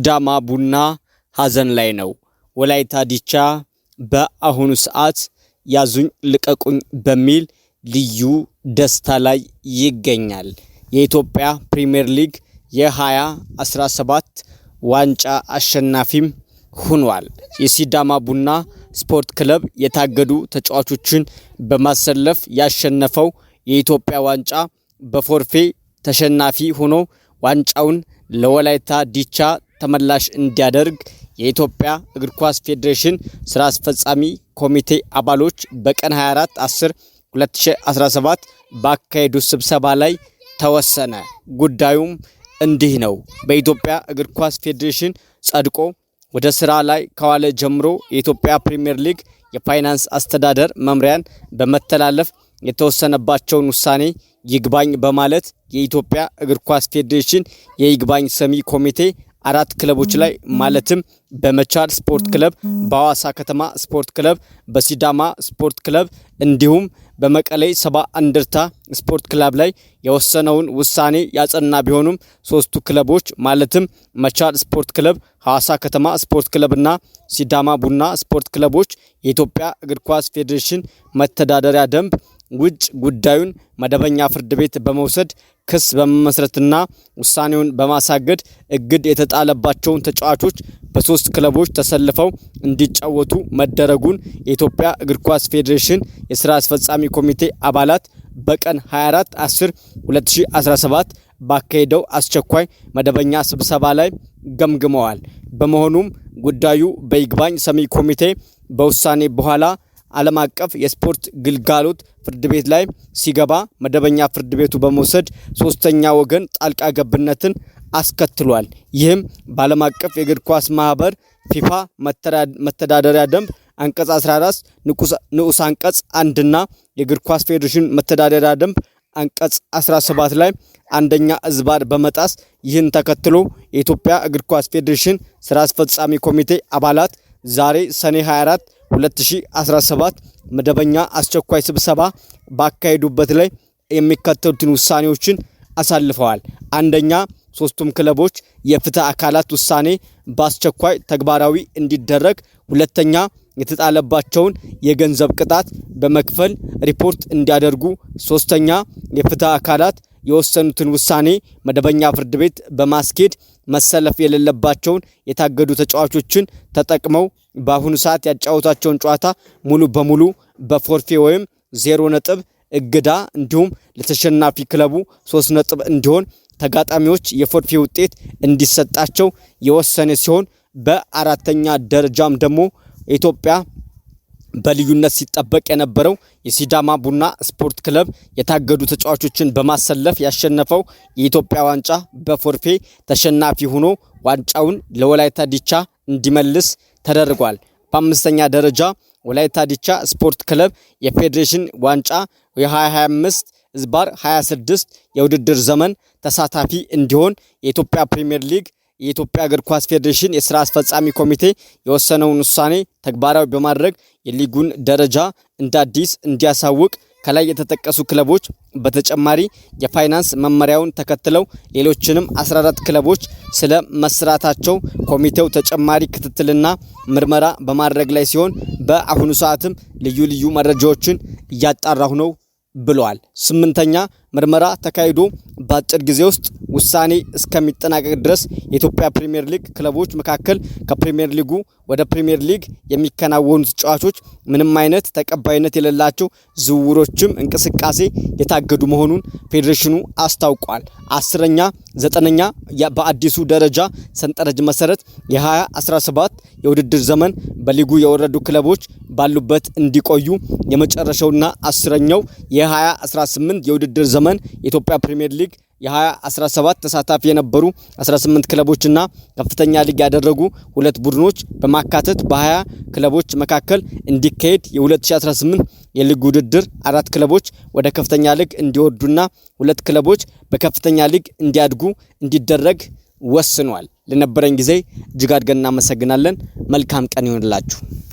ሲዳማ ቡና ሀዘን ላይ ነው። ወላይታ ዲቻ በአሁኑ ሰዓት ያዙኝ ልቀቁኝ በሚል ልዩ ደስታ ላይ ይገኛል። የኢትዮጵያ ፕሪምየር ሊግ የ2017 ዋንጫ አሸናፊም ሆኗል። የሲዳማ ቡና ስፖርት ክለብ የታገዱ ተጫዋቾችን በማሰለፍ ያሸነፈው የኢትዮጵያ ዋንጫ በፎርፌ ተሸናፊ ሆኖ ዋንጫውን ለወላይታ ዲቻ ተመላሽ እንዲያደርግ የኢትዮጵያ እግር ኳስ ፌዴሬሽን ስራ አስፈጻሚ ኮሚቴ አባሎች በቀን 24 10 2017 ባካሄዱ ስብሰባ ላይ ተወሰነ። ጉዳዩም እንዲህ ነው። በኢትዮጵያ እግር ኳስ ፌዴሬሽን ጸድቆ ወደ ስራ ላይ ከዋለ ጀምሮ የኢትዮጵያ ፕሪምየር ሊግ የፋይናንስ አስተዳደር መምሪያን በመተላለፍ የተወሰነባቸውን ውሳኔ ይግባኝ በማለት የኢትዮጵያ እግር ኳስ ፌዴሬሽን የይግባኝ ሰሚ ኮሚቴ አራት ክለቦች ላይ ማለትም በመቻል ስፖርት ክለብ፣ በሐዋሳ ከተማ ስፖርት ክለብ፣ በሲዳማ ስፖርት ክለብ እንዲሁም በመቀሌ ሰባ እንደርታ ስፖርት ክለብ ላይ የወሰነውን ውሳኔ ያጸና ቢሆኑም ሶስቱ ክለቦች ማለትም መቻል ስፖርት ክለብ፣ ሐዋሳ ከተማ ስፖርት ክለብና ሲዳማ ቡና ስፖርት ክለቦች የኢትዮጵያ እግር ኳስ ፌዴሬሽን መተዳደሪያ ደንብ ውጭ ጉዳዩን መደበኛ ፍርድ ቤት በመውሰድ ክስ በመመስረትና ውሳኔውን በማሳገድ እግድ የተጣለባቸውን ተጫዋቾች በሶስት ክለቦች ተሰልፈው እንዲጫወቱ መደረጉን የኢትዮጵያ እግር ኳስ ፌዴሬሽን የስራ አስፈጻሚ ኮሚቴ አባላት በቀን 24 10 2017 ባካሄደው አስቸኳይ መደበኛ ስብሰባ ላይ ገምግመዋል። በመሆኑም ጉዳዩ በይግባኝ ሰሚ ኮሚቴ በውሳኔ በኋላ ዓለም አቀፍ የስፖርት ግልጋሎት ፍርድ ቤት ላይ ሲገባ መደበኛ ፍርድ ቤቱ በመውሰድ ሶስተኛ ወገን ጣልቃ ገብነትን አስከትሏል። ይህም በዓለም አቀፍ የእግር ኳስ ማህበር ፊፋ መተዳደሪያ ደንብ አንቀጽ 14 ንዑስ አንቀጽ አንድና የእግር ኳስ ፌዴሬሽን መተዳደሪያ ደንብ አንቀጽ 17 ላይ አንደኛ እዝባር በመጣስ ይህን ተከትሎ የኢትዮጵያ እግር ኳስ ፌዴሬሽን ስራ አስፈጻሚ ኮሚቴ አባላት ዛሬ ሰኔ 24 2017 መደበኛ አስቸኳይ ስብሰባ ባካሄዱበት ላይ የሚከተሉትን ውሳኔዎችን አሳልፈዋል። አንደኛ፣ ሶስቱም ክለቦች የፍትህ አካላት ውሳኔ በአስቸኳይ ተግባራዊ እንዲደረግ። ሁለተኛ፣ የተጣለባቸውን የገንዘብ ቅጣት በመክፈል ሪፖርት እንዲያደርጉ። ሶስተኛ፣ የፍትህ አካላት የወሰኑትን ውሳኔ መደበኛ ፍርድ ቤት በማስኬድ መሰለፍ የሌለባቸውን የታገዱ ተጫዋቾችን ተጠቅመው በአሁኑ ሰዓት ያጫወቷቸውን ጨዋታ ሙሉ በሙሉ በፎርፌ ወይም ዜሮ ነጥብ እግዳ እንዲሁም ለተሸናፊ ክለቡ ሶስት ነጥብ እንዲሆን ተጋጣሚዎች የፎርፌ ውጤት እንዲሰጣቸው የወሰነ ሲሆን በአራተኛ ደረጃም ደግሞ ኢትዮጵያ በልዩነት ሲጠበቅ የነበረው የሲዳማ ቡና ስፖርት ክለብ የታገዱ ተጫዋቾችን በማሰለፍ ያሸነፈው የኢትዮጵያ ዋንጫ በፎርፌ ተሸናፊ ሆኖ ዋንጫውን ለወላይታ ዲቻ እንዲመልስ ተደርጓል። በአምስተኛ ደረጃ ወላይታ ዲቻ ስፖርት ክለብ የፌዴሬሽን ዋንጫ የ2025 ዝባር 26 የውድድር ዘመን ተሳታፊ እንዲሆን የኢትዮጵያ ፕሪምየር ሊግ የኢትዮጵያ እግር ኳስ ፌዴሬሽን የስራ አስፈጻሚ ኮሚቴ የወሰነውን ውሳኔ ተግባራዊ በማድረግ የሊጉን ደረጃ እንደ አዲስ እንዲያሳውቅ ከላይ የተጠቀሱ ክለቦች በተጨማሪ የፋይናንስ መመሪያውን ተከትለው ሌሎችንም 14 ክለቦች ስለ መስራታቸው ኮሚቴው ተጨማሪ ክትትልና ምርመራ በማድረግ ላይ ሲሆን በአሁኑ ሰዓትም ልዩ ልዩ መረጃዎችን እያጣራሁ ነው ብለዋል። ስምንተኛ ምርመራ ተካሂዶ በአጭር ጊዜ ውስጥ ውሳኔ እስከሚጠናቀቅ ድረስ የኢትዮጵያ ፕሪምየር ሊግ ክለቦች መካከል ከፕሪምየር ሊጉ ወደ ፕሪምየር ሊግ የሚከናወኑ ተጫዋቾች ምንም አይነት ተቀባይነት የሌላቸው ዝውውሮችም እንቅስቃሴ የታገዱ መሆኑን ፌዴሬሽኑ አስታውቋል። አስረኛ ዘጠነኛ በአዲሱ ደረጃ ሰንጠረዥ መሰረት የ2017 የውድድር ዘመን በሊጉ የወረዱ ክለቦች ባሉበት እንዲቆዩ የመጨረሻውና አስረኛው የ2018 የውድድር ዘመን ዘመን የኢትዮጵያ ፕሪሚየር ሊግ የ2017 ተሳታፊ የነበሩ 18 ክለቦችና ከፍተኛ ሊግ ያደረጉ ሁለት ቡድኖች በማካተት በ20 ክለቦች መካከል እንዲካሄድ የ2018 የሊግ ውድድር አራት ክለቦች ወደ ከፍተኛ ሊግ እንዲወርዱና ሁለት ክለቦች በከፍተኛ ሊግ እንዲያድጉ እንዲደረግ ወስኗል። ለነበረን ጊዜ እጅግ አድርገን እናመሰግናለን። መልካም ቀን ይሆንላችሁ።